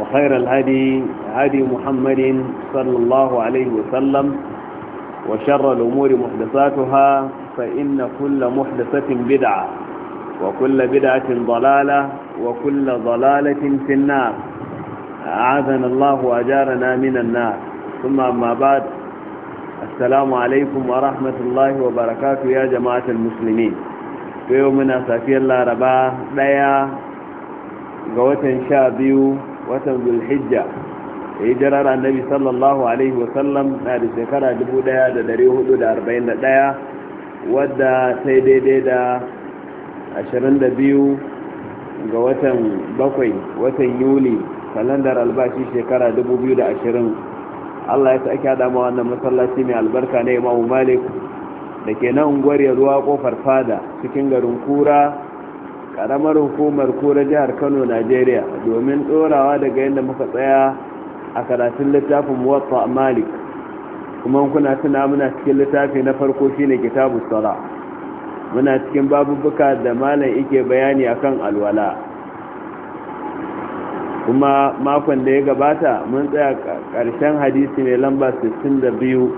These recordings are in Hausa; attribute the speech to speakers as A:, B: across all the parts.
A: وخير الهدي هدي محمد صلى الله عليه وسلم وشر الأمور محدثاتها فإن كل محدثة بدعة وكل بدعة ضلالة وكل ضلالة في النار أعاذنا الله وأجارنا من النار ثم أما بعد السلام عليكم ورحمة الله وبركاته يا جماعة المسلمين في يومنا سافي الله رباه ليا قوة شابيو watan zulhijja yi jirar annabi sallallahu alaihi wasallam na da shekara 1441 wadda sai daidai da 22 ga watan bakwai watan yuli kalandar albashi shekara 2020 allah ya sake haɗa ma wannan masallaci mai albarka na imamu malik da ke nan ya zuwa kofar fada cikin garin kura karamar hukumar kura jihar kano najeriya domin ɗorawa daga yadda muka tsaya a karatun littafin muwatta malik kuma kuna tuna muna cikin littafi na farko shine kitabu sala muna cikin babubuka da malam ike bayani akan alwala kuma makon da ya gabata mun tsaya karshen hadisi mai lamba 62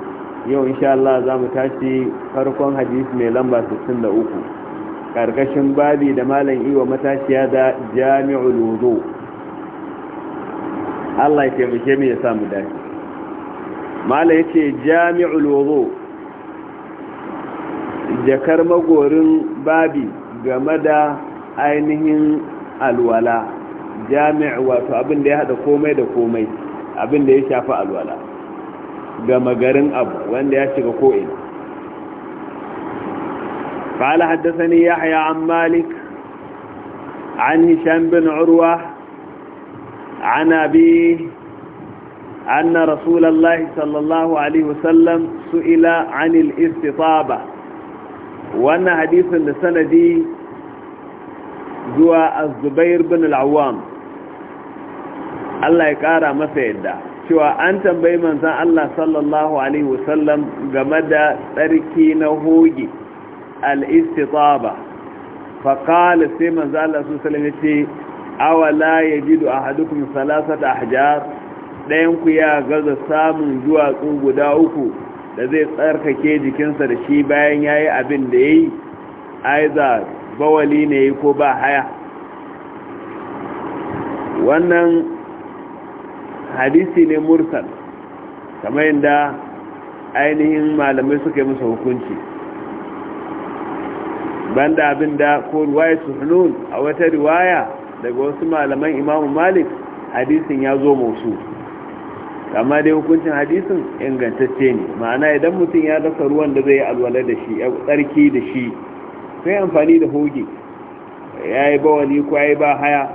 A: yau insha Allah za mu tashi farkon hadisi mai lamba 63 ƙarƙashin babi da malam iwa matashiya da jami'ul wudu Allah ya mu ya samu malam yace jami'ul wudu jakar magorin babi game da ainihin alwala jami'u wato abin da ya hada komai da komai abin da ya shafi alwala gama garin abu wanda ya shiga ko'ina قال حدثني يحيى عن مالك عن هشام بن عروة عن أبيه أن رسول الله صلى الله عليه وسلم سئل عن الاستطابة وأن حديث دي جوا الزبير بن العوام الله يكارى ما سيدا شوى أنت بيمن ذا الله صلى الله عليه وسلم tsarki na hoge al-istitaba fa qala sai manzo Allah sallallahu alaihi wasallam yace awala yajidu ahadukum salasata ahjar dayan ku ya gaza samun duwatsu guda uku da zai tsarkake jikinsa da shi bayan yayi abin da yayi aiza bawali ne ko ba haya wannan hadisi ne mursal kamar yadda ainihin malamai suka yi masa hukunci banda abin da ko ruwaya suhnun a wata riwaya daga wasu malaman imamu malik hadisin ya zo mausu amma dai hukuncin hadisin ingantacce ne ma'ana idan mutum ya dasa ruwan da zai yi alwala da shi ya tsarki da shi sai amfani da hoge ya yi bawali ko ya ba haya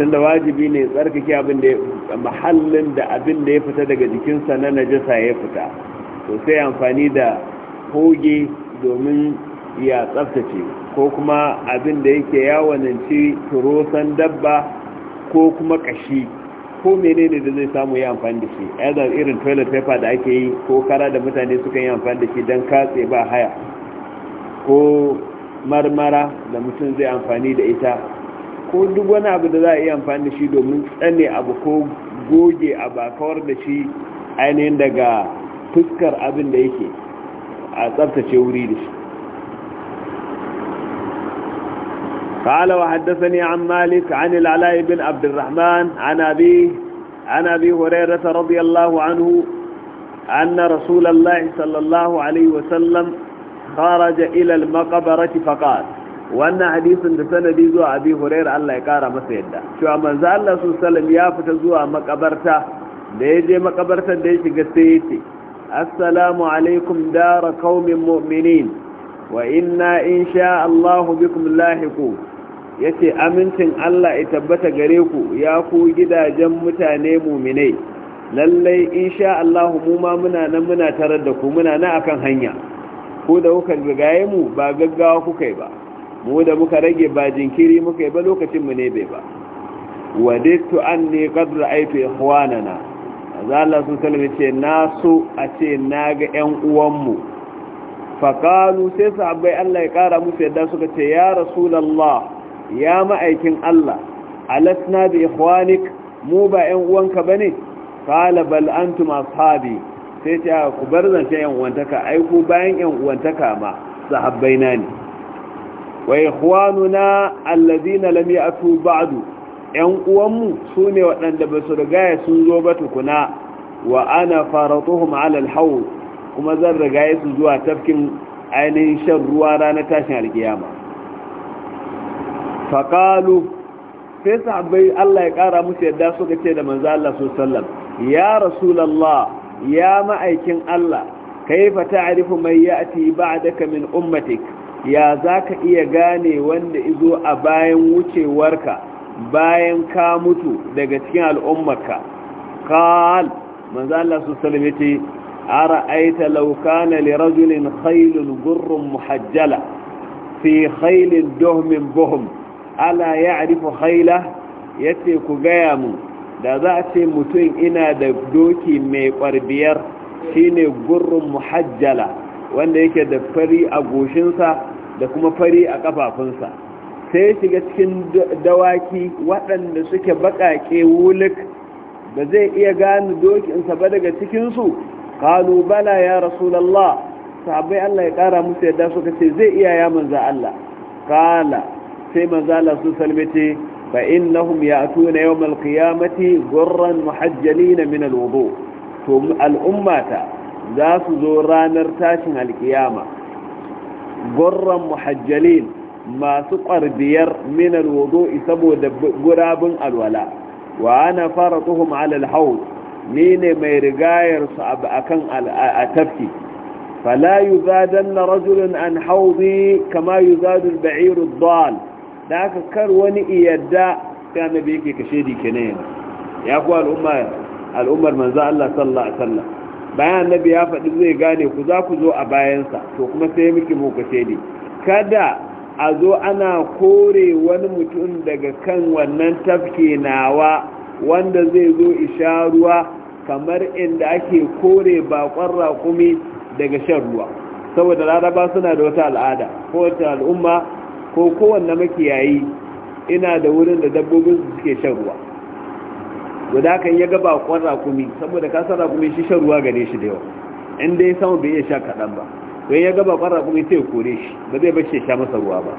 A: tun da wajibi ne tsarkake abin da ya mahallin da abin da ya fita daga jikinsa na najasa ya fita to sai amfani da hoge domin ya tsaftace ko kuma abin da yake yawananci turosan dabba ko kuma kashi ko menene da zai samu ya amfani da shi either irin toilet paper da ake yi ko kara da mutane suka yi amfani da shi don katse ba haya ko marmara da mutum zai amfani da ita ko duk wani abu da za a iya amfani da shi domin tsane abu ko goge a bakawar da shi ainihin daga fuskar abin da yake a tsaftace wuri da shi قال وحدثني عن مالك عن العلاء بن عبد الرحمن عن أبيه عن أبي هريرة رضي الله عنه أن رسول الله صلى الله عليه وسلم خرج إلى المقبرة فقال وأن حديث سنة دي زوى أبي هريرة الله يقارى مسيدة شو أمان زال الله صلى الله عليه وسلم يافت زوى مقبرته ليجي مقبرته ليجي قسيتي السلام عليكم دار قوم مؤمنين وإنا إن شاء الله بكم لاحقون ya ce amincin Allah ya tabbata gare ku ya ku gidajen mutane muminai lallai insha Allah mu ma muna nan muna tarar da ku muna nan akan hanya ko da kuka gaye mu ba gaggawa kuka yi ba mu da muka rage ba jinkiri muka yi ba lokacin mu ne bai ba wadittu anni qad ra'aytu ikhwanana azza sun salama ce na so a ce na ga ƴan uwanmu qalu sai sahabbai Allah ya kara musu yadda suka ce ya rasulullah ya ma'aikin Allah alasna bi ikhwanik mu ba ƴan uwanka bane qala bal antum ashabi sai ta ku bar zance ƴan uwantaka ai ku bayan ƴan uwantaka ma sahabbaina ne wa ikhwanuna alladhina lam ya'tu ba'du ƴan uwanmu sune waɗanda ba su riga sun zo ba tukuna wa ana faratuhum ala al kuma zan riga su zuwa tafkin ainihin shan ruwa ranar tashin alkiyama faƙalu sai sahabbai Allah ya ƙara musu yadda suka ce da manzo Allah sallam ya rasulullah ya ma'aikin Allah kaifa ta'rifu man ya'ti ba'daka min ummatik ya zaka iya gane wanda izo a bayan wucewarka bayan ka mutu daga cikin al'ummarka qal manzo Allah sallam yace ara'aita law kana li rajulin khaylun gurrun muhajjala fi khaylin duhmin buhum ala ya arifu haila ya ce ku gaya mu da za a ce mutum ina da doki mai kwarbiyar shine gurrun muhajjala wanda yake da fari a goshinsa da kuma fari a ƙafafunsa sai shiga cikin dawaki waɗanda suke baƙaƙe wulik da zai iya gane dokinsa ba daga cikinsu kalubala ya rasulallah sabai allah ya ƙara musu yadda suka ce zai iya ya allah kala sai manzala su salmete fa innahum ya'tuna yawmal qiyamati gurran muhajjalina min alwudu to al'ummata za su zo ranar tashin alkiyama gurran muhajjalin masu ƙwarbiyar min alwudu saboda gurabin alwala wa ana faratuhum ala alhawd ni ne mai rigayar su akan a tafki فلا يزادن رجل عن حوضي كما يزاد البعير الضال da aka kar wani iyadda sai nabi yake kashe di ne ya ku al'umma al'ummar manzo Allah sallallahu alaihi wasallam bayan annabi ya faɗi zai gane ku za ku zo a bayansa to kuma sai miki mu kashe di kada a zo ana kore wani mutum daga kan wannan tafke nawa wanda zai zo isha ruwa kamar inda ake kore bakon raƙumi daga shan ruwa saboda laraba suna da wata al'ada ko wata al'umma ko kowanne makiyayi ina da wurin da dabbobin su suke shan ruwa guda kan ya gaba kwan rakumi saboda ka san rakumi shi shan ruwa gare shi da yawa in dai sama bai iya sha kaɗan ba wai ya gaba kwan rakumi sai kore shi ba zai bashi sha masa ruwa ba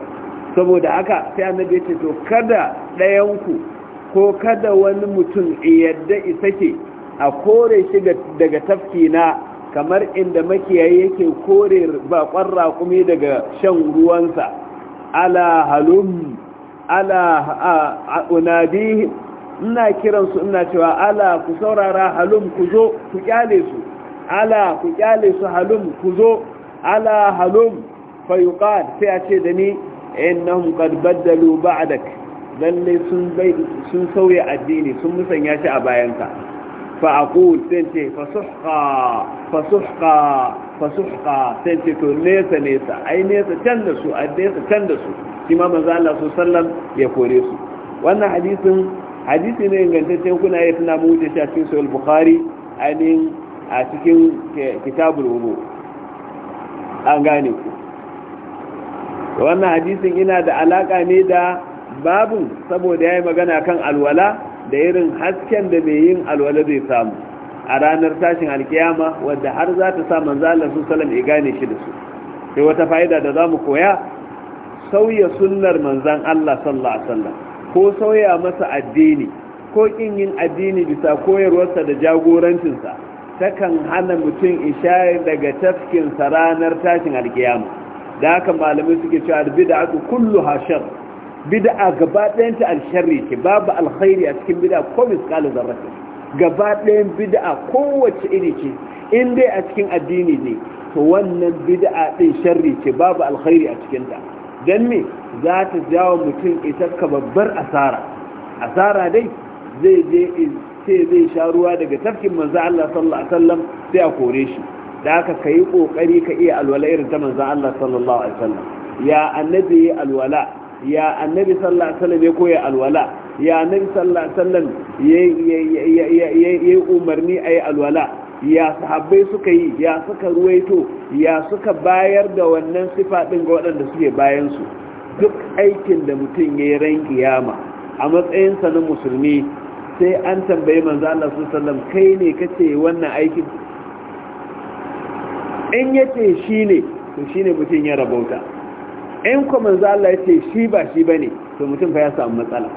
A: saboda haka sai annabi ya ce to kada ɗayanku ko kada wani mutum yadda isake a kore shi daga tafki na kamar inda makiyayi yake kore bakon rakumi daga shan ruwansa ala halum ala unadihim ina kiransu ina cewa ala ku saurara halum ku zo ku kyale su ala ku kyale su halum ku zo ala halum fayuqad sai a ce da ni innahum qad badalu ba'dak lalle sun bai sun sauya addini sun musanya shi a bayanka فأقول سنتي فسحقا فسحقا فسحقا سنتي تو نيسا أي نيسا تندسو أي نيسا كما كما مزال الله صلى الله عليه وسلم يقوليسو وأن حديث حديث إن قلت كنا يتنا موجة شاكين سوى البخاري أن أتكين كتاب الوضوء أنغانيكو wannan hadisin ina da alaka ne da babu saboda ya yi magana kan alwala da irin hasken da mai yin alwala zai samu a ranar tashin alkiyama wadda har za ta sa manzalar su salam ya gane shi da su sai wata fa'ida da za mu koya sauya sunnar manzan Allah sallallahu alaihi wasallam ko sauya masa addini ko ƙin yin addini bisa koyarwarsa da jagorancinsa takan hana mutum ishaya daga tafkinsa ranar tashin alkiyama da haka malamai suke cewa aka kullu hashar bid'a gaba ɗayan ta alsharri ce babu alkhairi a cikin bid'a ko misqalu zarratin gaba ɗayan bid'a kowace iri ce in dai a cikin addini ne to wannan bid'a ɗin sharri ce babu alkhairi a cikin ta dan me za ta jawo mutum ita ka babbar asara asara dai zai je sai zai sha ruwa daga tafkin manzo Allah sallallahu alaihi wasallam sai a kore shi da aka kai kokari ka iya alwala irin ta manzo Allah sallallahu alaihi wasallam ya annabi alwala ya annabi sallallahu alaihi wasallam ya koya alwala ya annabi sallallahu alaihi wasallam ya umarni a yi alwala ya sahabbai suka yi ya suka ruwaito ya suka bayar da wannan sifa ɗin ga waɗanda suke bayansu duk aikin da mutum ya yi ran kiyama a matsayinsa na musulmi sai an tambayi manzo Allah sallallahu alaihi kai ne kace wannan aikin in yace shine to shine mutum ya rabauta in ko manzo Allah ya ce shi ba shi ba ne to mutum fa ya samu matsala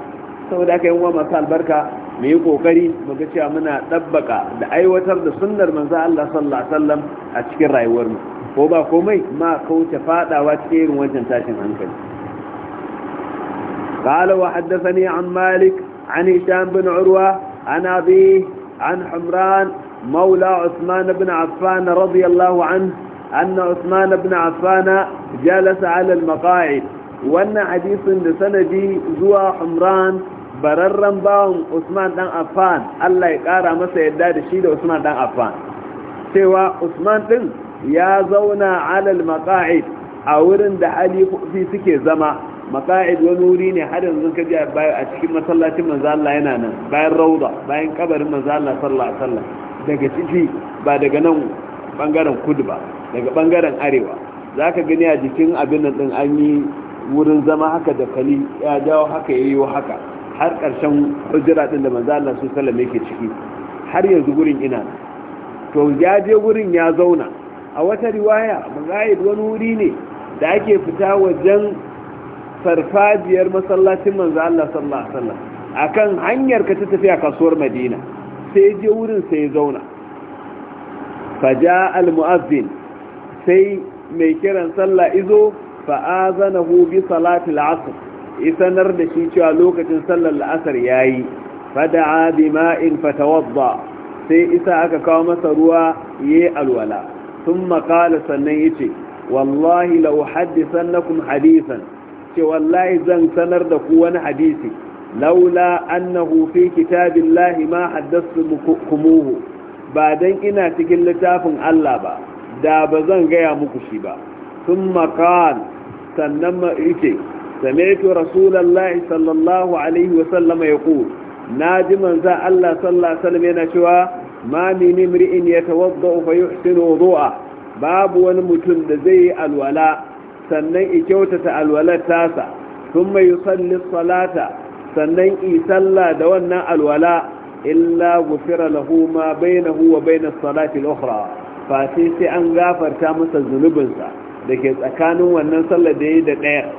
A: saboda haka yi wa masu albarka mu yi kokari mu ga cewa muna dabbaka da aiwatar da sunnar manzo Allah sallallahu alaihi wasallam a cikin rayuwar mu ko ba komai ma kauce fadawa cikin irin wancan tashin hankali قال وحدثني عن مالك عن هشام بن عروة عن أبيه عن حمران مولى عثمان بن عفان رضي الله عنه أن عثمان بن jalasa halal maka'id. Wannan وأن da sanadi zuwa عمران bararren bawan Usman dan Affan Allah ya kara masa yadda da shi da Usman dan Affan cewa Usman din ya zauna halal maka'id a wurin da halifofi suke zama Maka'id wani wuri ne har yanzu ka ji a cikin masallacin manzo yana nan bayan rauda bayan kabarin manzo Allah sallallahu daga ciki ba daga nan bangaren kudu ba daga bangaren arewa za ka gani a jikin abin nan din an yi wurin zama haka da kali ya jawo haka ya yiwu haka har ƙarshen hujjira din da manzo Allah sallallahu alaihi yake ciki har yanzu gurin ina to ya je gurin ya zauna a wata riwaya mazahid wani wuri ne da ake fita wajen farfajiyar masallacin manzo Allah sallallahu alaihi wasallam akan hanyar ka ta tafiya kasuwar Madina sai je wurin sai ya zauna faja al-mu'azzin sai mai kiran sallah izo fa'azanahu bi salati al-asr isanar da shi cewa lokacin sallar al-asr yayi fada'a bima'in fatawadda sai isa aka kawo masa ruwa yayi alwala thumma qala sannan yace wallahi law hadithannakum hadithan ce wallahi zan sanar da ku wani hadisi laula annahu fi kitabillahi ma kumuhu. ba don ina cikin littafin Allah ba da ba zan gaya muku shi ba sun makan sannan ma'ike sami'tu rasulallah sallallahu alaihi wasallama ya ku na ji manzan Allah sallallahu yana cewa ma min imri'in yatawadda'u fa yuhsinu zuwa, babu wani mutum da zai yi alwala sannan i kyautata alwalar tasa sun mai yusalli salata sannan i sallah da wannan alwala illa gufira lahu ma bainahu wa bainas salati al-ukhra fa sai sai an gafarta masa zunubinsa dake tsakanin wannan sallar da yayi da daya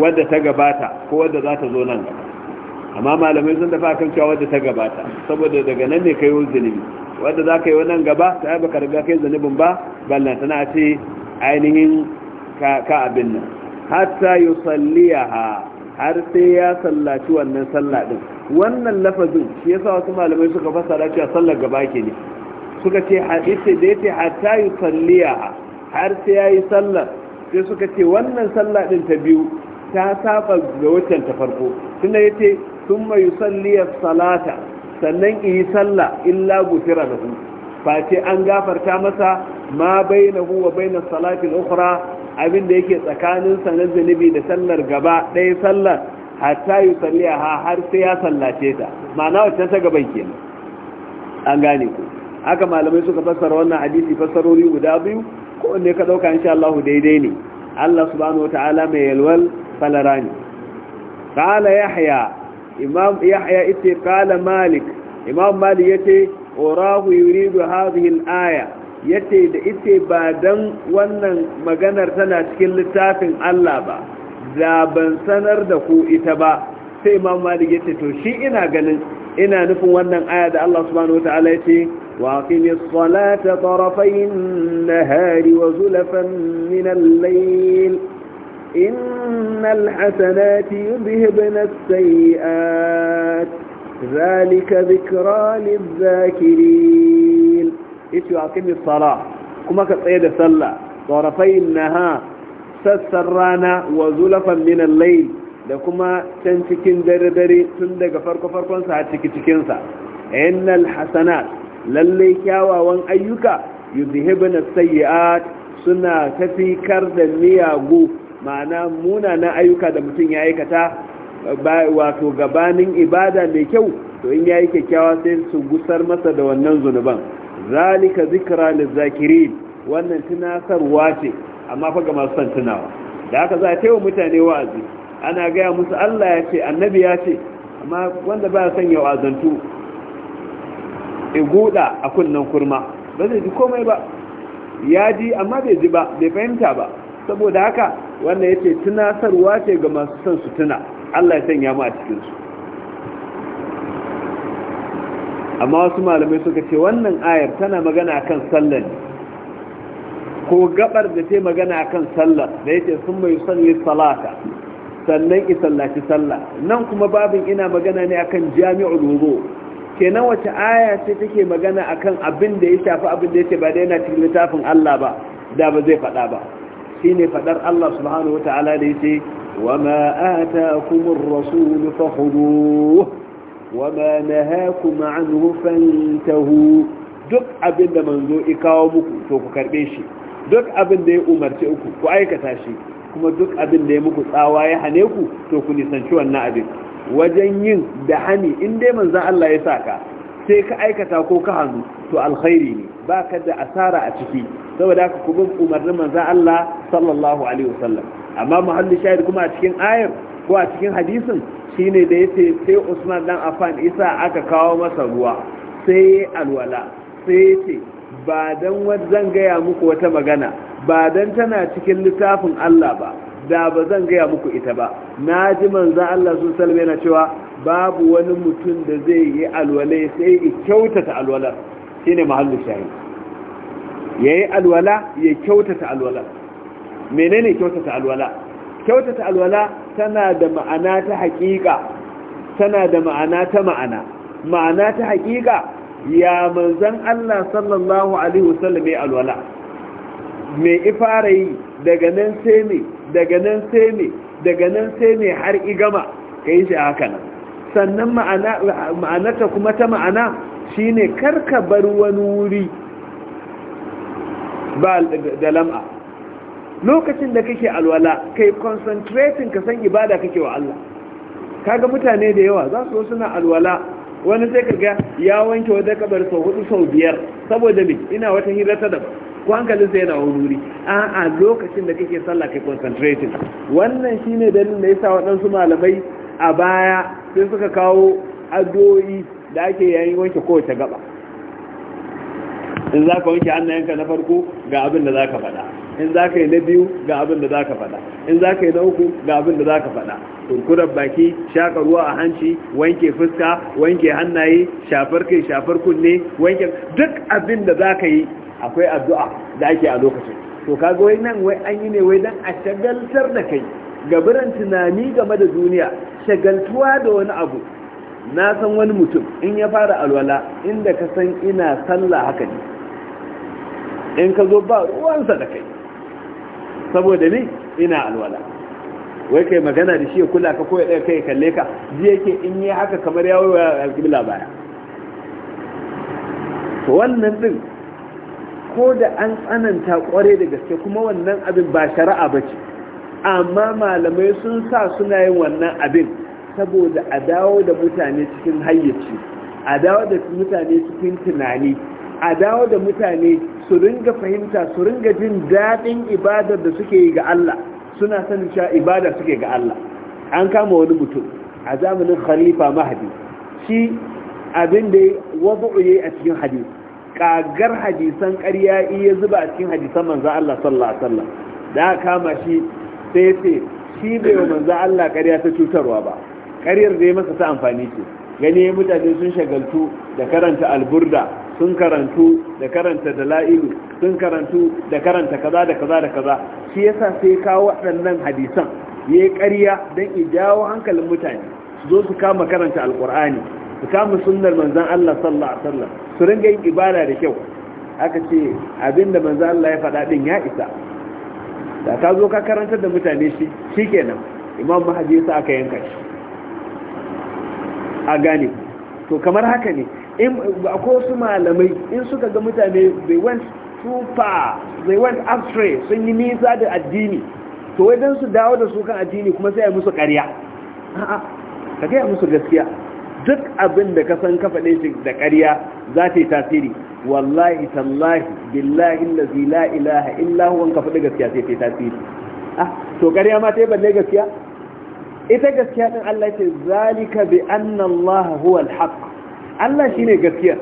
A: wadda ta gabata ko wadda za ta zo nan gaba amma malamai sun tafi kan cewa wadda ta gabata saboda daga nan ne kayo zunubi wadda za ka yi wannan gaba ta yi baka riga kai zunubin ba ballan tana ce ainihin ka abin nan hatta yusalliyaha har sai ya sallaci wannan sallah din wannan lafazin shi yasa wasu malamai suka fasara cewa sallar gaba ke ne suka ce hadisi da yace hatta yusalliya har sai yayi sallar sai suka ce wannan sallah din ta biyu ta saba ga watan ta farko tunda yace thumma yusalliya salata sannan yi sallah illa gufira lahu face an gafarta masa ma bainahu wa bainas salati al-ukhra abin da yake tsakanin sa na da sallar gaba ɗaya sallar hatta yi ha har sai ya sallace ta ma'ana wacce ta gaban kenan an gane ku haka malamai suka fassara wannan hadisi fassarori guda biyu ko ne ka dauka insha Allah daidai ne Allah subhanahu wataala mai yalwal falarani qala yahya imam yahya ite qala malik imam malik yace urahu yuridu hadhihi al-aya yace da ite ba dan wannan maganar tana cikin littafin Allah ba da ban sanar da ku ita ba sai imam malik ce to shi ina ganin ina nufin wannan aya da Allah subhanahu wataala ce. wa aqimis salata tarafayn nahari wa zulfan min al-layl innal hasanati yudhhibna as-sayyi'at dhalika dhikra lidh-dhakirin Ita aqimis salah kuma ka tsaya da sallah tarafayn Naha. sassan rana wa zulafan minan layi da kuma can cikin dare-dare tun daga farko-farkonsa a ciki-cikinsa innal hasanat lallai kyawawan ayyuka yuzhibun sayyi'at suna tafikar da miyagu ma'ana munanan ayyuka da mutum ya aikata wato gabanin ibada mai kyau to in ya yi kyakkyawa sai su gusar masa da wannan zunuban zalika zikra lizakirin wannan tunasarwa ce amma fa ga masu san tunawa da haka za a taiwa mutane wa'azi ana gaya musu Allah ya ce annabi ya ce amma wanda ba san ya e guda a kunnen kurma ba zai ji komai ba ya ji amma bai ji ba bai fahimta ba saboda haka wannan yace tunasarwa ce ga masu son su tuna Allah ya sanya mu a cikin amma wasu malamai suka ce wannan ayar tana magana akan sallar ko gabar da ta magana akan sallah da yake sun mai salli salata sannan isallaci sallah nan kuma babin ina magana ne akan jami'ul wudu kenan wace aya ce take magana akan abin da ya shafi abin da yake ba da yana cikin littafin Allah ba da ba zai faɗa ba shine faɗar Allah subhanahu wataala da yace wama ataakumur rasul fakhuduhu wama nahakum anhu fantahu duk abin da manzo ya kawo muku to ku karbe shi duk abin da ya umarce uku ku aikata shi kuma duk abin da ya muku tsawa ya hane ku to ku nisanci wannan abin wajen yin da hani in dai manzan Allah ya saka sai ka aikata ko ka hannu to alkhairi ne ba ka da asara a ciki saboda haka ku bin umarnin manzan Allah sallallahu alaihi wasallam amma muhalli shahid kuma a cikin ayar ko a cikin hadisin shine da yace sai Usman dan Affan isa aka kawo masa ruwa sai alwala sai yace ba don zan gaya muku wata magana ba don tana cikin littafin Allah ba da ba zan gaya muku ita ba na ji manza Allah sun salme na cewa babu wani mutum da zai yi alwale sai ya kyautata alwalar shi ne mahallu shayi ya yi alwala ya kyautata alwalar menene kyautata alwala kyautata alwala tana da ma'ana ta haƙiƙa tana da ma'ana ta ma'ana ma'ana ta haƙiƙa ya manzan Allah sallallahu alaihi wasallam ya alwala me ifara yi daga nan sai me daga nan sai me daga nan sai me har igama kai shi haka nan sannan ma'ana ma'anarta kuma ta ma'ana shine karka bar wani wuri ba da lam'a lokacin da kake alwala kai concentrating ka san ibada kake wa Allah kaga mutane da yawa za su suna alwala wani sai kaga ya wanke wata kabar sau hudu sau biyar saboda me ina wata hira ta daban ko hankalin sai yana wuri a'a lokacin da kake sallah kai concentrating wannan shine dalilin da yasa waɗansu malamai a baya sai suka kawo addu'o'i da ake yayin wanke kowace gaba in za ka wanke hannayenka na farko ga abin da za ka faɗa in za ka yi na biyu ga abin da za ka faɗa in za ka yi na uku ga abin da za ka faɗa kurkurar baki shaƙa ruwa a hanci wanke fuska wanke hannaye shafar kai shafar kunne wanke duk abin da za ka yi akwai addu'a da ake a lokacin to kaga wai nan wai an yi ne wai dan a shagaltar da kai gaburan tunani game da duniya shagaltuwa da wani abu na san wani mutum in ya fara alwala inda ka san ina sallah haka ne in ka zo ba ruwansa da kai saboda ni ina alwala wai kai magana da shi ya kula ka ko ya ɗaya kai kalle ka ji yake in yi haka kamar ya alƙibla baya wannan ɗin, ko da an tsananta ƙware da gaske kuma wannan abin ba shari'a ba ce amma malamai sun sa suna yin wannan abin saboda a dawo da mutane cikin hayyaci a dawo da mutane cikin tunani a dawo da mutane su ringa fahimta su ringa jin daɗin ibadar da suke yi ga Allah suna sanin cewa ibada suke ga Allah an kama wani mutum a zamanin khalifa mahadi shi abin da ya yayi a cikin hadisi kagar hadisan ƙarya ya zuba a cikin hadisan manzo Allah sallallahu alaihi wasallam da kama shi sai sai shi bai manzo Allah ƙarya ta cutarwa ba ƙaryar da ya masa ta amfani ce gani mutane sun shagaltu da karanta alburda sun karantu da karanta dala'ilu sun karantu da karanta kaza da kaza da kaza shi yasa sai kawo waɗannan hadisan ya yi ƙarya don ijawo hankalin mutane su zo su kama karanta alƙur'ani su kama sunnar manzan Allah sallallahu alaihi wasallam su ringa yin ibada da kyau aka ce abinda manzan Allah ya faɗa din ya isa da ka zo ka karantar da mutane shi shikenan imam mahadi yasa aka yanka shi a gane to kamar haka ne in akwai wasu malamai in suka ga mutane they went too far they went astray sun yi nisa da addini to wai su dawo da su kan addini kuma sai a musu ƙarya a'a ka gaya musu gaskiya duk abin da ka san ka faɗe shi da ƙarya za ta yi tasiri wallahi tallahi billahi lazi la ilaha illa huwa ka faɗi gaskiya sai ta yi tasiri ah, to ƙarya ma ta yi balle gaskiya ita gaskiya ɗin Allah ce zalika bi anna Allah huwa al-haq Allah shine gaskiya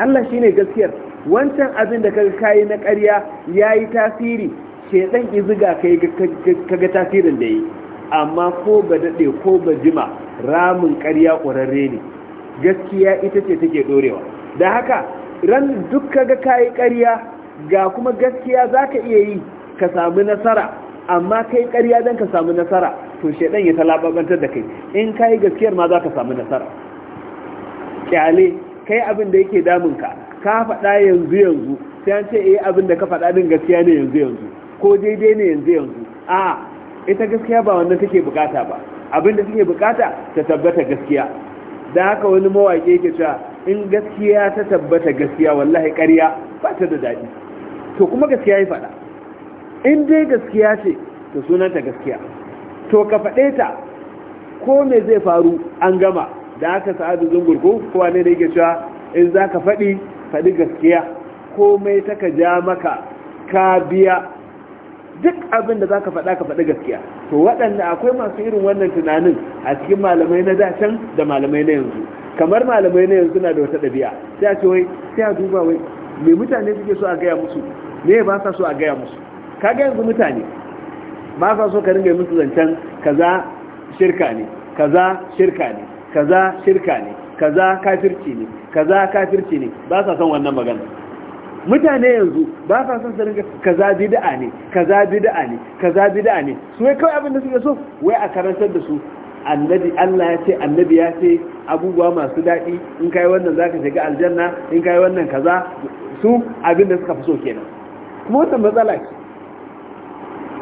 A: Allah shine gaskiyar wancan abin da kaga kai na ƙarya yayi tasiri shedan iziga kai kaga tasirin da yi amma ko ba dade ko ba jima ramin ƙarya ƙurarre ne gaskiya ita ce take dorewa da haka ran duk kaga kai ƙarya ga kuma gaskiya zaka iya yi ka samu nasara amma kai ƙarya dan ka samu nasara to shaidan ya talabantar da kai in kai gaskiyar ma za ka samu nasara kyale kai abin da yake damunka ka faɗa yanzu yanzu sai an ce eh abin da ka faɗa din gaskiya ne yanzu yanzu ko daidai ne yanzu yanzu a ita gaskiya ba wannan take bukata ba abin da take bukata ta tabbata gaskiya da haka wani mawaƙi yake cewa in gaskiya ta tabbata gaskiya wallahi ƙarya ba ta da daɗi to kuma gaskiya ya faɗa in dai gaskiya ce to sunanta gaskiya to ka faɗe ta ko me zai faru an gama da aka sa'adu zungur ko kowa ne da yake cewa in za ka faɗi faɗi gaskiya komai ta ka ja maka ka biya duk abin da za ka faɗa ka faɗi gaskiya to waɗanda akwai masu irin wannan tunanin a cikin malamai na dacen da malamai na yanzu kamar malamai na yanzu na da wata ɗabi'a sai a ce sai a duba wai me mutane suke so a gaya musu me ba sa so a gaya musu ka ga yanzu mutane ba sa so ka ringa musu zancen kaza shirka ne kaza shirka ne kaza shirka ne kaza kafirci ne kaza kafirci ne ba sa son wannan magana mutane yanzu ba sa son su ringa kaza bid'a ne kaza bid'a ne kaza bid'a ne su wai kawai abin da suke so wai a karantar da su annabi Allah ya ce annabi ya ce abubuwa masu daɗi in kai wannan zaka shiga aljanna in kai wannan kaza su abin da suka fi so kenan kuma wannan matsala ce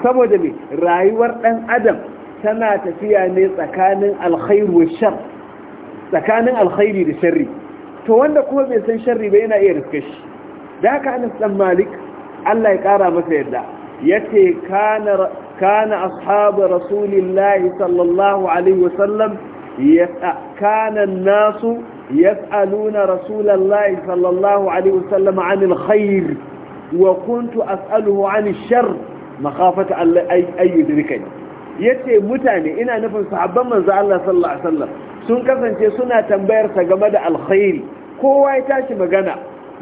A: saboda me rayuwar ɗan adam tana tafiya ne tsakanin alkhairu wa shar tsakanin alkhairi da shari, to wanda kuma bai san shari ba yana iya riske shi da haka Anas dan Malik Allah ya kara masa yadda yace kana kana ashabu rasulillahi sallallahu alaihi wasallam كان الناس يسألون رسول الله صلى الله عليه وسلم عن الخير وكنت أسأله عن الشر makafata Allah ayyudrikani yace mutane ina nufin sahabban manzo Allah sallallahu alaihi wasallam sun kasance suna tambayar sa game da alkhairi kowa ya tashi magana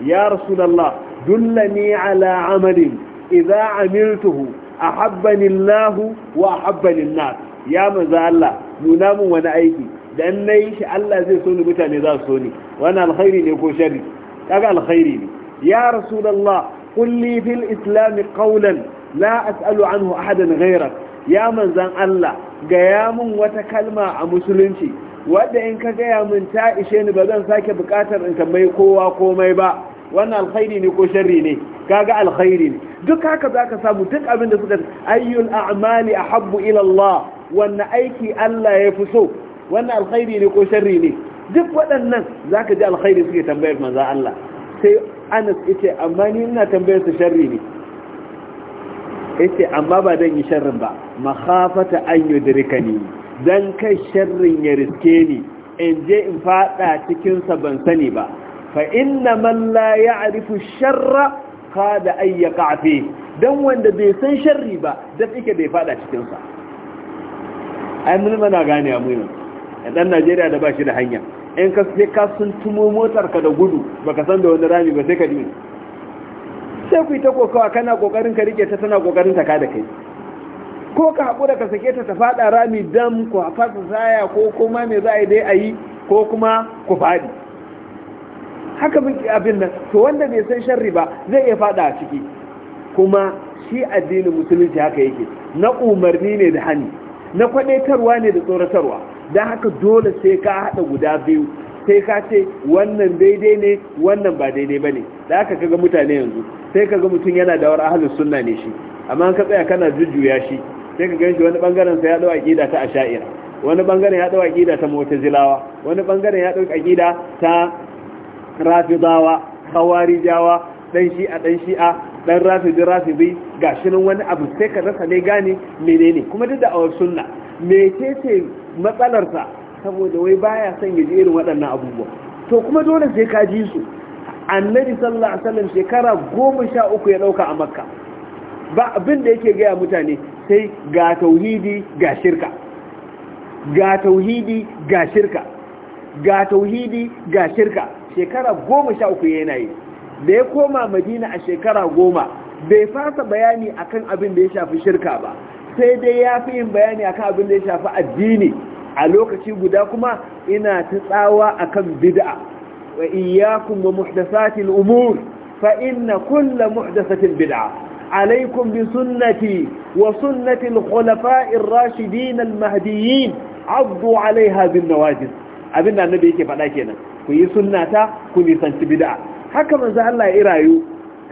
A: ya rasulullah dullani ala amalin idza amiltuhu ahabbani Allah wa ahabbani an-nas ya manzo Allah nuna min wani aiki dan nayi shi Allah zai so ni mutane za su so ni wani alkhairi ne ko sharri kaga alkhairi ne ya rasulullah qul li fil islam qawlan la as'alu anhu ahadan ghayra ya manzan Allah gaya mun wata kalma a musulunci wadda in ka gaya mun ta ishe ni ba zan sake bukatar in tambayi kowa komai ba wannan alkhairi ne ko sharri ne kaga alkhairi ne duk haka zaka samu duk abin da suka ayyul a'mali ahabbu ila Allah wannan aiki Allah ya fi so wannan alkhairi ne ko sharri ne duk waɗannan zaka ji alkhairi suke tambayar manzan Allah sai Anas yace amma ni ina tambayar su sharri ne yace amma ba dan yi sharrin ba makhafata an ni dan kai sharrin ya riske ni in je in fada cikin sa ban sani ba fa inna man la ya'rifu sharra kada ayyaka fi dan wanda bai san sharri ba dan yake bai fada cikin sa ai mun mana gane a mun dan Najeriya da ba shi da hanya in ka sai ka sun tumo motar ka da gudu baka san da wani rami ba sai ka dinga sai ku yi ta kokawa kana kokarin ka rike ta tana kokarin ta ka da kai ko ka haƙura ka sake ta ta faɗa rami dam ku fasa zaya ko kuma me za a yi dai a yi ko kuma ku faɗi haka muke abin nan to wanda bai san sharri ba zai iya faɗa a ciki kuma shi addinin musulunci haka yake na umarni ne da hani na kwadaitarwa ne da tsoratarwa don haka dole sai ka haɗa guda biyu sai ka ce wannan daidai ne wannan ba daidai ba ne da aka kaga mutane yanzu sai kaga mutum yana da dawar ahalus sunna ne shi amma ka tsaya kana jujjuya shi sai ka ganshi wani bangaren sa ya dawo aqida ta asha'ira wani bangaren ya a aqida ta mu'tazilawa wani bangaren ya dawo aqida ta rafidawa khawarijawa dan a dan shi'a dan rafidi rafidi gashi nan wani abu sai ka rasa ne gane menene kuma duk da awar sunna Me mecece matsalarsa saboda wai baya son ya ji irin waɗannan abubuwa to kuma dole sai ka ji su annabi sallallahu alaihi wasallam shekara goma sha uku ya ɗauka a makka ba abin da yake gaya mutane sai ga tauhidi ga shirka ga tauhidi ga shirka ga tauhidi ga shirka shekara goma sha uku yana yi da ya koma madina a shekara goma bai fasa bayani akan abin da ya shafi shirka ba sai dai ya fi yin bayani akan abin da ya shafi addini a lokaci guda kuma ina ta tsawa a kan bid'a wa iyakun wa muhdasatin umur fa inna kulla muhdasatin bid'a alaikun bi sunnati wa sunnatin al-khulafa'ir rashidin al-mahdiyyin 'addu na bin Abin da annabi yake faɗa kenan ku yi sunnata ku nisanci bid'a haka manzo Allah ya rayu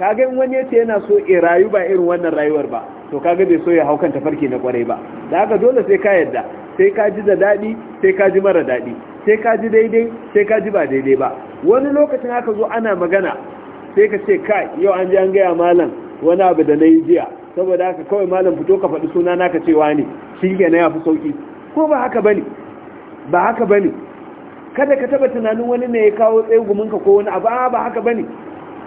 A: kaga in wani yace yana so ya rayu ba irin wannan rayuwar ba to kaga bai so ya hau kan tafarki na kwarai ba da haka dole sai ka yadda sai ka ji da daɗi sai ka ji mara daɗi sai ka ji daidai sai ka ji ba daidai ba wani lokacin haka zo ana magana sai ka ce kai yau an ji an gaya malam wani abu da na yi jiya saboda haka kawai malam fito ka faɗi suna naka cewa ne shi ke na yafi fi sauƙi ko ba haka bane ba haka bane kada ka taba tunanin wani ne ya kawo tsaye ka ko wani abu ba haka bane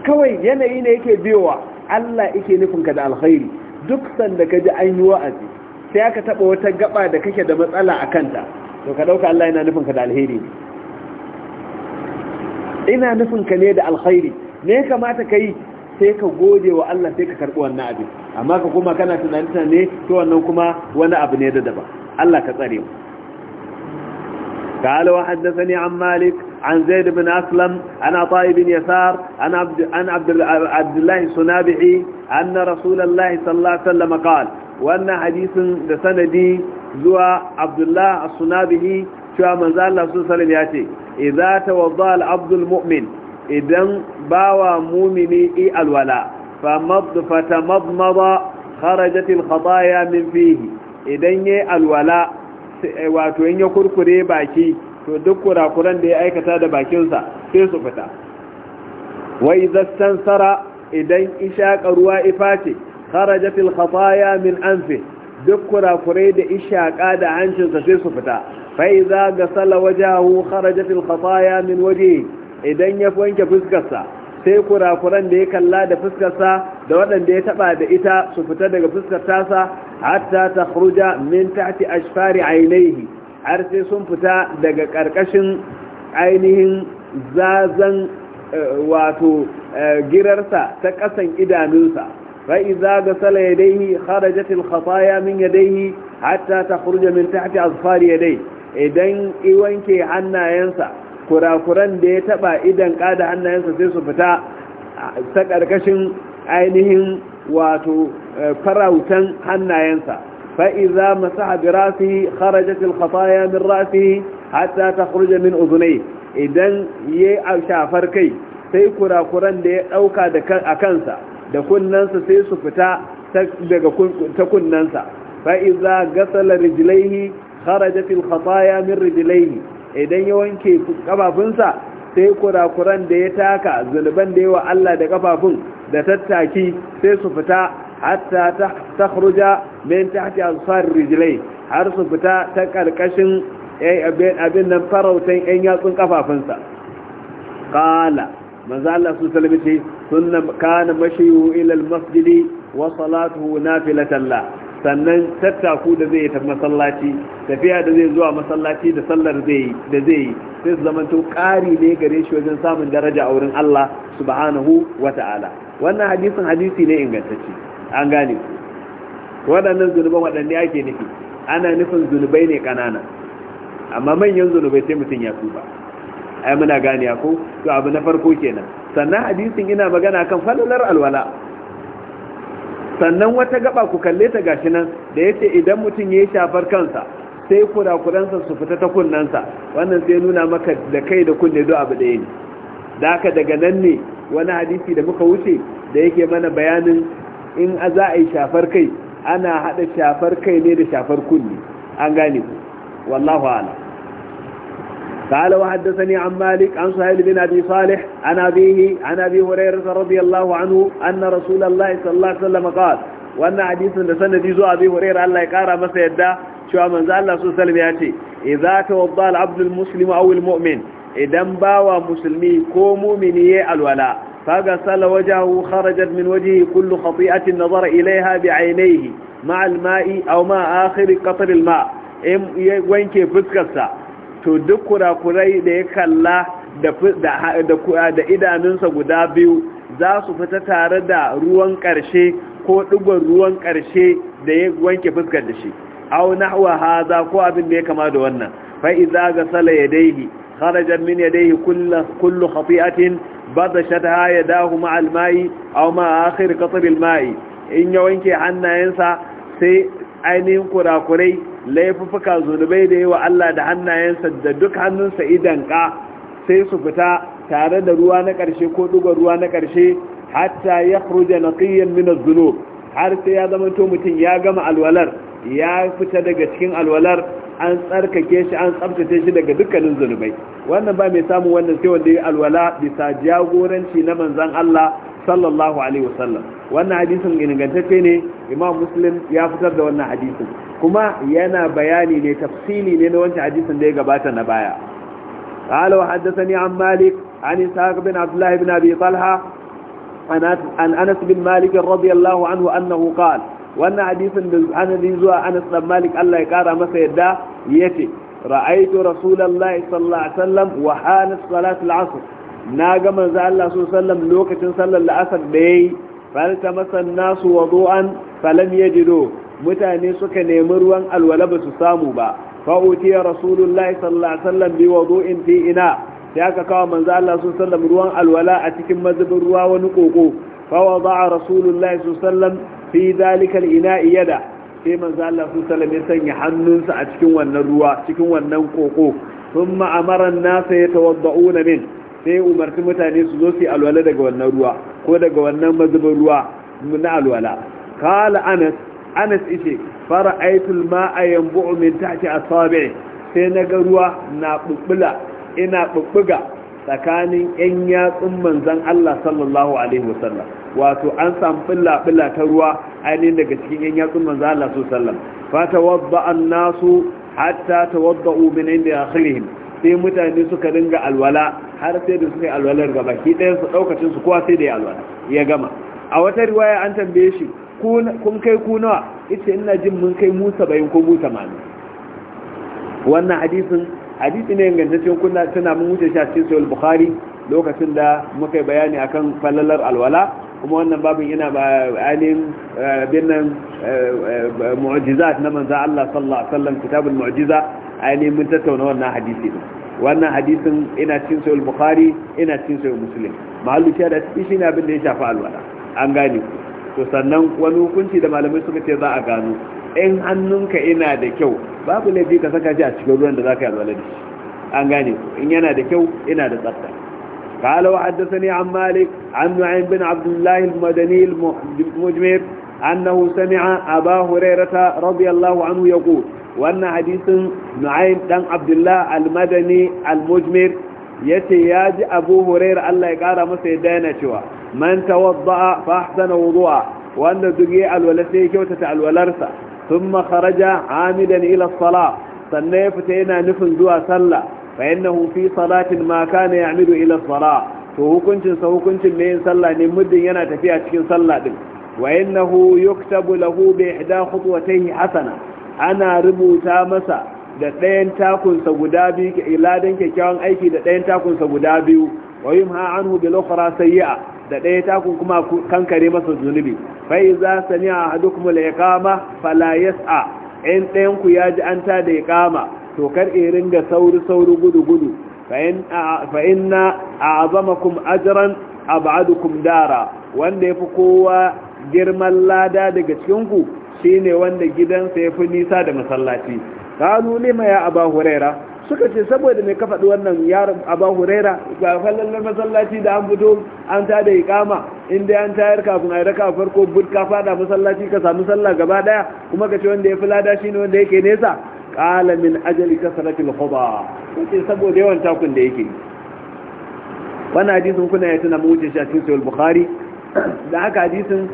A: kawai yanayi ne yake biyowa Allah yake nufin ka da alkhairi duk sanda ka ji an yi wa'azi sai aka taba wata gaba da kake da matsala a kanta to ka ɗauka Allah yana nufinka da alheri ne ina nufinka ne da alheri ne kamata ka yi sai ka gode wa Allah sai ka karɓi wannan abin amma ka kuma kana tunanin ne to wannan kuma wani abu ne da daba Allah ka tsare mu قال وحدثني عن مالك عن زيد بن أسلم عن طائب بن يسار عن عبد, عن عبد, الله سنابعي anna rasulullahi sallallahu alaihi wasallam wannan hadisin da sanadi zuwa abdullah as-sunabihi cewa manzo Allah sallallahu ya ce idza tawadda al-abdul mu'min idan bawa mumini i alwala famad fatamadmada kharajat al-khataya min fihi idan yayi alwala wato in ya kurkure baki to duk kurakuran da ya aikata da bakinsa sai su fita wa idza stansara idan ishaƙa ruwa iface kharajatil khataya min anfi duk kurakurai da ishaƙa da hancinsa sai su fita fai za ga sala wajahu kharajatil khataya min waje idan ya wanke fuskarsa sai kurakuran da ya kalla da fuskarsa da waɗanda ya taɓa da ita su fita daga fuskar tasa hatta ta khruja min tahti ashfari ainihi har sai sun fita daga ƙarƙashin ainihin zazan wato eh, girarsa ta ƙasan idanunsa fa'iza ga sala ya daihi kharajatil khataya min ya daihi hatta ta kurja min tahti azfari ya dai idan iwanke hannayensa kurakuran da ya taɓa idan ƙada hannayensa sai su fita ta ƙarƙashin ainihin wato eh, farautan hannayensa fa'iza masu haɗi rasi khataya min rasi hatta ta kurja min uzunai idan ya shafar kai sai kurakuran da ya ɗauka a kansa da kunnansa sai su fita daga ta kunnansa fa'iza gasalar rijilaihi kharajatil khataya min rijilaihi idan ya wanke kafafunsa sai kurakuran da ya taka zulban da yawa Allah da kafafun da tattaki sai su fita hatta ta min tahti asfar rijlai har su fita ta karkashin abin nan farautan yan yatsun kafafunsa qala manzo Allah su sallallahu alaihi wasallam kana mashiyu ila al-masjid wa salatu nafilatan la sannan tattaku da zai ta masallaci tafiya da zai zuwa masallaci da sallar zai da zai yi sai su zamanto ƙari ne gare shi wajen samun daraja a wurin Allah subhanahu wa ta'ala wannan hadisin hadisi ne ingantacce an gane waɗannan zunuban waɗanne ake nufi ana nufin zunubai ne ƙanana amma manyan zunubai sai mutum ya tuba ai muna gane ko to abu na farko kenan sannan hadisin ina magana kan falalar alwala sannan wata gaba ku kalle ta gashi nan da yace idan mutum ya shafar kansa sai kurakuransa su fita ta kunnansa wannan sai nuna maka da kai da kunne do abu ɗaya ne da daga nan ne wani hadisi da muka wuce da yake mana bayanin in za a yi shafar kai ana haɗa shafar kai ne da shafar kunne an gane ku والله أعلم قال وحدثني عن مالك عن سهيل بن أبي صالح عن أبيه عن أبي هريرة رضي الله عنه أن رسول الله صلى الله عليه وسلم قال وأن حديث لسنة جزء أبي هريرة الله يقارى ما سيدا شو من ذا الله صلى الله عليه وسلم يأتي إذا توضى العبد المسلم أو المؤمن idan bawa musulmi ko mumini ya alwala faga sala wajahu kharajat min wajhi kullu khati'atin nazara ilayha bi'aynayhi ma'a al-ma'i aw ma'a akhir qatr al-ma' ya wanke fuskarsa to duk kurakurai da ya kalla da idanunsa guda biyu za su fita tare da ruwan ƙarshe ko ɗigon ruwan ƙarshe da ya wanke fuskar da shi au nahwa haza ko abin da ya kama da wannan ga sala gasala ya kharaja min yadayhi kullu kullu khati'atin badashatha yadahu ma'a al-ma'i aw ma akhir qatr al-ma'i in ya wanke hannayensa sai ainihin kurakurai laifuka zunubai da wa Allah da hannayensa da duk hannunsa idan ka sai su fita tare da ruwa na ƙarshe ko ɗugar ruwa na ƙarshe hatta ya kruja na ƙiyyar zuno har sai ya zama to mutum ya gama alwalar ya fita daga cikin alwalar an tsarkake shi an tsabtace shi daga dukkanin zunubai wannan ba mai samun wannan sai wanda ya alwala bisa jagoranci na manzan Allah sallallahu alaihi wasallam wannan hadisin ingantacce ne imam muslim ya fitar da wannan hadisin kuma yana bayani ne tafsili ne na wancan hadisin da ya gabata na baya قال وحدثني عن مالك عن إسحاق بن عبد الله بن أبي طلحة عن أنس بن مالك رضي الله عنه أنه قال وأن حديث عن ذي أنس بن مالك الله يقارى مسا يده يتي رأيت رسول الله صلى الله عليه وسلم وحانت صلاة العصر na ga manzo Allah su sallam lokacin sallar la'asar da yayi falta masan nasu wadu'an falam yajidu mutane suka nemi ruwan alwala ba su samu ba fa ya rasulullahi sallallahu alaihi wasallam bi wadu'in fi ina sai aka kawo manzo Allah su sallam ruwan alwala a cikin mazubin ruwa wani koko fa wada'a rasulullahi su sallam fi dhalika ina yada sai manzo Allah su sallam ya sanya hannunsa a cikin wannan ruwa cikin wannan koko ثم أمر الناس يتوضؤون منه sai umarci mutane su zo su alwala daga wannan ruwa ko daga wannan mazubin ruwa na alwala kala anas anas ite fara aitul ma'a yanbu'u ce a asabi sai na ga ruwa na bubbula ina bubbuga tsakanin yan yatsun manzan Allah sallallahu alaihi wasallam wato an samu billa ta ruwa ainihin daga cikin yan yatsun manzan Allah sallallahu alaihi wasallam fatawadda an-nasu hatta tawadda'u min inda ya sai mutane suka dinga alwala har sai da suka yi alwalar gaba ki ɗayan su ɗaukacin su kowa sai da ya alwala ya gama a wata riwaya an tambaye shi kun kai ku nawa ita ina jin mun kai mu saba'in ko mu tamanin wannan hadisin hadisi ne ingantaccen kuna tana mun wuce shi a cikin bukhari lokacin da muka bayani akan falalar alwala kuma wannan babin yana bayanin eh, binnan eh, eh, mu'jizat na manzo Allah sallallahu alaihi wasallam kitabul mu'jiza ainihin mun tattauna wannan hadisi ne wannan hadisin ina cin sayar bukhari ina cin sayar musulun mahallu shi da shi ne abin da ya shafi alwada an gane ku to sannan wani hukunci da malamai suka ce za a gano in hannunka ina da kyau babu laifi ka saka shi a cikin ruwan da za ka yi alwala da shi an gane ku in yana da kyau ina da tsafta قال وحدثني عن مالك عن نعيم بن عبد الله المدني المجمر أنه سمع أبا هريرة رضي الله عنه يقول wannan hadisin nu'aym dan abdullah al-madani al-mujmir yace ya ji abu huraira Allah ya kara masa ya daina cewa man tawadda'a fa ahsana wudu'a wanda duk yayi alwala sai ya kyautata alwalarsa thumma kharaja amidan ila as-salah sannan ya fita yana nufin zuwa sallah fa innahu fi salatin ma kana ya'midu ila as-salah to hukuncin sa hukuncin ne yin sallah ne muddin yana tafiya cikin sallah din wa innahu yuktabu lahu bi ihda khutwatayhi hasana ana rubuta masa da ɗayan takunsa guda biyu iladen kyakkyawan aiki da ɗayan takunsa guda biyu wa ma an bil ukhra sayyi'a da ɗaya takun kuma kankare masa zunubi fa a haɗu kuma da ya kama yas'a a ɗayan ku ya ji an ta da ya kama. to kar irin ringa sauri sauri gudu gudu a in kuma ajiran a ba'adu kuma dara wanda ya fi kowa girman lada daga cikinku. Shi ne wanda gidansa ya fi nisa da masallaci qalu lima ya aba huraira suka ce saboda mai ka faɗi wannan yaron aba huraira ga fallan masallaci da an fito an ta da ikama inda an tayar kafin a raka farko bud ka fada masallaci ka samu sallah gaba daya kuma ka ce wanda ya fi lada shi ne wanda yake nesa qala min ajali kasrati al-khuba ce saboda yawan takun da yake wani hadisin kuna ya tuna mu shi a cikin bukhari da haka hadisin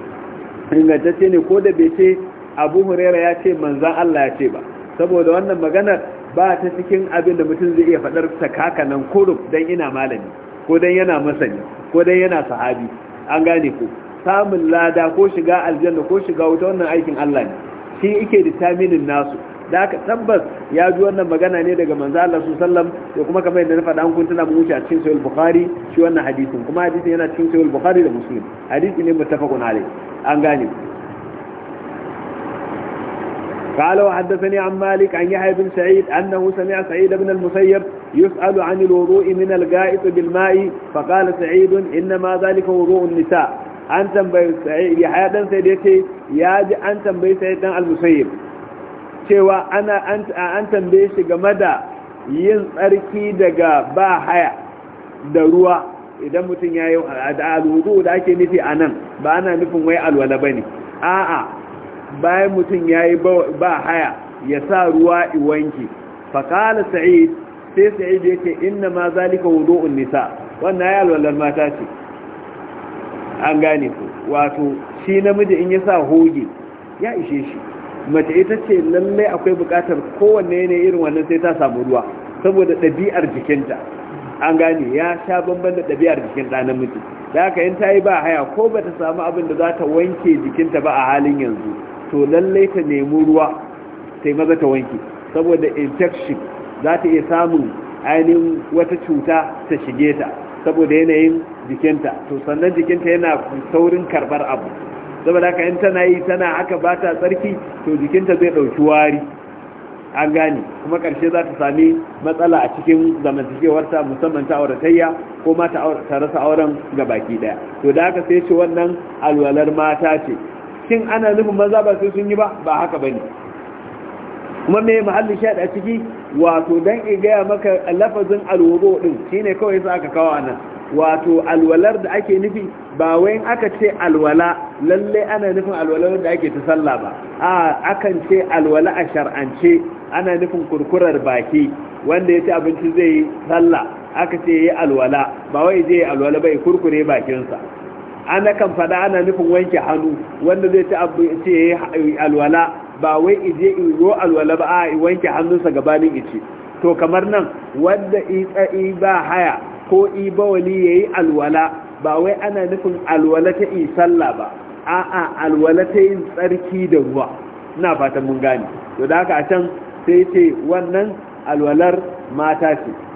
A: ingantacce ne ko da bai ce abu huraira ya ce manzan Allah ya ce ba saboda wannan maganar ba ta cikin abin da mutum zai iya faɗar kaka nan kurub dan ina malami ko dan yana masani ko dan yana sahabi an gane ko samun lada ko shiga aljanna ko shiga wuta wannan aikin Allah ne shi yake determinin nasu da aka tabbas ya ji wannan magana ne daga manzan Allah su sallam da kuma kamar yadda na faɗa an kuntuna mu wuce a cikin sahih bukhari shi wannan hadisin kuma hadisin yana cikin sahih bukhari da muslim hadisi ne muttafaqun alai an gane قال وحدثني عن مالك عن يحيى بن سعيد أنه سمع سعيد بن المسيب يسأل عن الوضوء من الغائط بالماء فقال سعيد إنما ذلك وضوء النساء أن تنبي سعيد يحيى بن سعيد يتي ياجي أن تنبي سعيد بن المسيب cewa ana an tambaye shi game da yin tsarki daga ba haya da ruwa idan mutum ya yi alwudu da ake nufi a nan ba ana nufin wai alwala ba ne a'a bayan mutum ya yi ba haya ya sa ruwa iwanki faƙala sa'id sai sa'id ya ce inna ma zalika wudu'un nisa wannan ya alwalar mata ce an gane ku wato shi namiji in ya sa hoge ya ishe shi mace ita ce lallai akwai buƙatar kowanne ne irin wannan sai ta samu ruwa saboda ɗabi'ar jikinta an gane ya sha bambam da ɗabi'ar jikin ɗan namiji da haka yin ta yi ba haya ko ba ta samu abin da za ta wanke jikinta ba a halin yanzu to lallai ta nemi ruwa sai maza ta wanke saboda infection za ta iya samun ainihin wata cuta ta shige ta saboda yanayin jikinta to sannan jikinta yana saurin karbar abu saboda haka in tana yi tana aka ba ta tsarki to jikinta zai ɗauki wari an gane kuma ƙarshe za ta sami matsala a cikin zamantakewarta musamman ta auratayya ko ma ta rasa auren ga baki ɗaya to da haka sai ce wannan alwalar mata ce shin ana nufin maza ba sai sun yi ba ba haka ba ne kuma me mahallin sha a ciki wato dan in gaya maka lafazin alwudu din shine kawai sai aka kawo anan wato alwalar da ake nufi ba wai aka ce alwala lalle ana nufin alwalar da ake ta sallah ba a akan ce alwala a shar'ance ana nufin kurkurar baki wanda ya ci abinci zai yi sallah aka ce yi alwala ba wai zai yi alwala bai kurkure bakinsa ana kan fada ana nufin wanke hannu wanda zai ta abu ce alwala ba wai ije in ro alwala ba a wanke hannunsa gabanin ice to kamar nan wanda i ba haya ko i ba wani yayi alwala ba wai ana nufin alwala ta i sallah ba a'a alwala ta yin tsarki da ruwa ina fatan mun gane to da haka a can sai ce wannan alwalar mata ce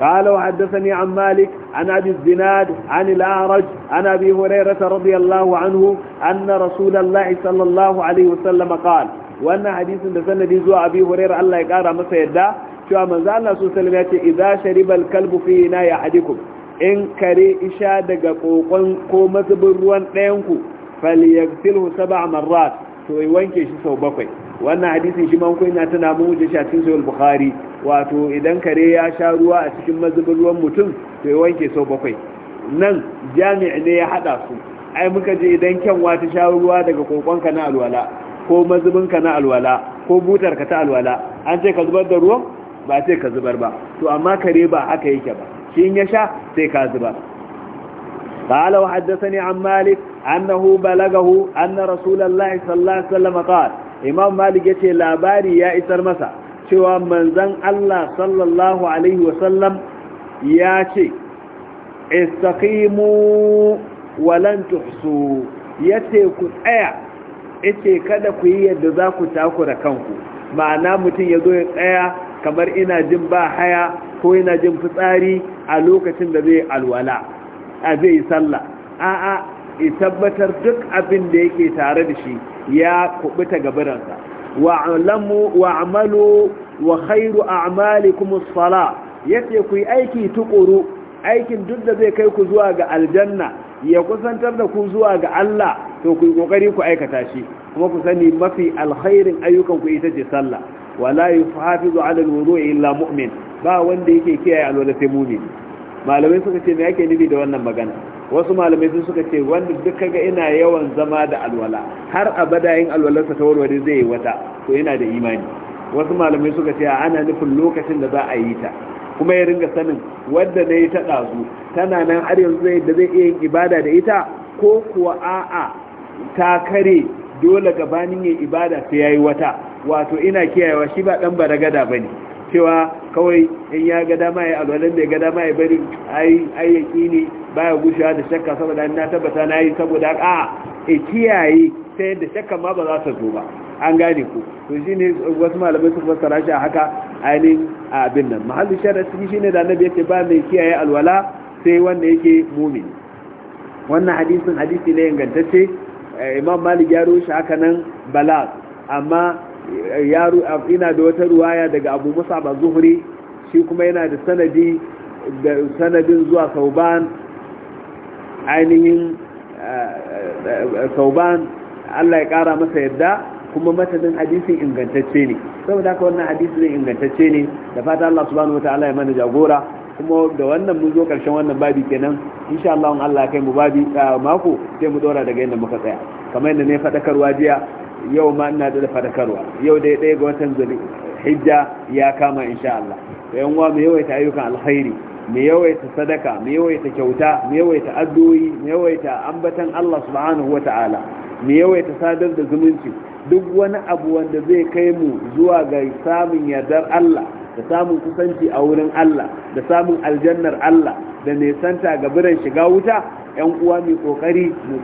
A: قال وحدثني عن مالك عن أبي الزناد عن الأعرج عن أبي هريرة رضي الله عنه أن رسول الله صلى الله عليه وسلم قال وأن حديث بسند زوى أبي هريرة الله يقارى مسا يدى شو أمن ذا الله صلى الله عليه وسلم إذا شرب الكلب في إناء أحدكم إن كري إشادة قوقن قومة بروان ɗayanku فليغسله سبع مرات to wanke shi sau bakwai wannan hadisin shi ma kuma ina tana mu da shi a cikin sahih bukhari wato idan kare ya sha ruwa a cikin mazubin ruwan mutum to ya wanke sau bakwai nan jami'i ne ya haɗa su ai muka je idan kyanwa ta sha ruwa daga kokonka na alwala ko ka na alwala ko butar ka ta alwala an ce ka zubar da ruwan ba ce ka zubar ba to amma kare ba haka yake ba shi in ya sha sai ka zubar قال وحدثني عن مالك أنه بلغه أن رسول الله صلى الله عليه وسلم قال إمام مالك يتي لاباري يا إسر مسا cewa manzan Allah sallallahu alaihi wasallam ya ce walantu su ya ce ku tsaya ce, kada ku yi yadda za ku takura kanku ma'ana mutum ya zo ya tsaya kamar ina jin ba haya ko ina jin fitsari a lokacin da zai alwala a zai sallah a'a i tabbatar duk abin da yake tare da shi ya kubuta gabiransa. wa'lamu wa'malu wa khairu a'malikum as-salah yace ku aiki tukuru aikin duk da zai kai ku zuwa ga aljanna ya kusantar da ku zuwa ga Allah to ku yi kokari ku aikata shi kuma ku sani mafi alkhairin ayyukan ku ita ce sallah wala yuhafizu ala al-wudu'i illa mu'min ba wanda yake kiyaye alwala sai mu'min malamai suka ce me yake nufi da wannan magana wasu malamai sun suka ce wanda duk ga ina yawan zama da alwala har abada yin alwalarsa ta warware zai yi wata to yana da imani wasu malamai suka ce ana nufin lokacin da za a yi ta kuma ya ringa sanin wadda na yi ta ɗazu tana nan har yanzu zai da zai iya yin ibada da ita ko kuwa a'a ta kare dole gabanin yin ibada ta ya yi wata wato ina kiyayewa shi ba ɗan baragada ba ne cewa kawai in ya ga dama ya alwalan da ya ga dama ya bari ayyaki yaki ne baya gushewa da shakka saboda na tabbata na yi saboda a e kiyaye ta yadda shakka ma ba za su zo ba an gane ku to shi ne wasu malamai su fassara shi a haka ainihin abin nan mahallin sharaɗi shi ne da annabi yake ba mai kiyaye alwala sai wanda yake mumin wannan hadisin hadisi ne ingantacce eh, imam malik ya rushe haka nan balas amma ina da wata ruwaya daga abu musa ba zuhuri shi kuma yana da sanadi da sanadin zuwa sauban ainihin sauban allah ya kara masa yadda kuma matanin hadisin ingantacce ne saboda haka wannan hadisin ingantacce ne da fata allah subhanahu wa ta'ala ya mana jagora kuma da wannan mun zo karshen wannan babi kenan insha Allah in Allah kai mu babi mako sai mu dora daga yanda muka tsaya kamar yanda ne fadakarwa jiya yau ma ina da fadakarwa yau dai ɗaya ga watan hijja ya kama insha Allah da yan uwa mu yawaita ayyukan alkhairi mu yawaita sadaka mu yawaita kyauta mu yawaita addu'o'i mu yawaita ambatan Allah subhanahu wata'ala mu yawaita sadar da zumunci duk wani abu wanda zai kai mu zuwa ga samun yardar Allah da samun kusanci a wurin Allah da samun aljannar Allah da santa ga biran shiga wuta yan uwa mai kokari mu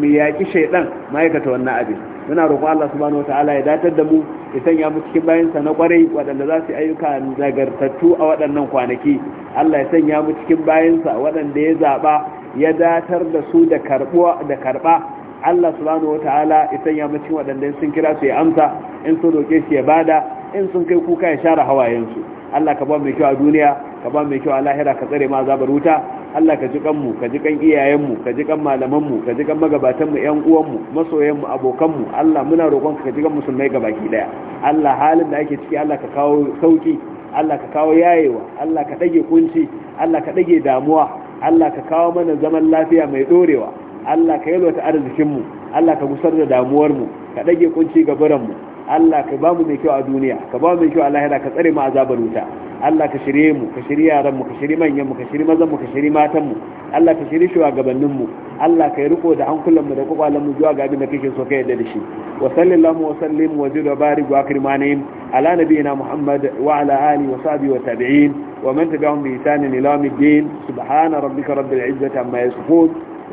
A: Mai yaƙi shaidan ma'aikata wannan abin muna roƙon Allah subhanahu wataala ya datar da mu ya sanya mu cikin bayansa na ƙwarai waɗanda za su yi ayyuka nagartattu a waɗannan kwanaki Allah ya sanya mu cikin bayansa waɗanda ya zaɓa ya datar da su da karɓuwa da karɓa Allah subhanahu wataala ya sanya mu cikin waɗanda sun kira su ya amsa in sun roƙe su ya bada in sun kai kuka ya share hawayensu Allah ka ba mai kyau a duniya ka ba mai kyau a lahira ka tsare ma azabar wuta Allah ka ji kanmu ka ji kan iyayenmu ka ji kan malamanmu ka ji kan magabatanmu yan uwanmu masoyanmu abokanmu Allah muna roƙonka ka ji kan musulmai gabaki daya Allah halin da ake ciki Allah ka kawo sauki Allah ka kawo yayewa Allah ka dage kunci Allah ka dage damuwa Allah ka kawo mana zaman lafiya mai dorewa Allah ka yalwata arzikin mu Allah ka gusar da damuwar mu ka dage kunci ga baranmu Allah ka ba mu mai kyau a duniya ka ba mu mai kyau a lahira ka tsare mu azabar wuta Allah ka shirye mu ka shirye yaran mu ka shirye manyan mu ka shirye mazan mu ka shirye matan mu Allah ka shirye shugabannin mu Allah ka yi riko da hankulan mu da kwakwalan mu zuwa ga abin da kake so ka yarda da shi wa sallallahu wa sallim wa zid wa barik wa akrimanihim ala nabiyyina Muhammad wa ala alihi wa sahbihi wa tabi'in wa man tabi'ahum bi ihsan ila yawmiddin subhana rabbika rabbil izzati amma yasifun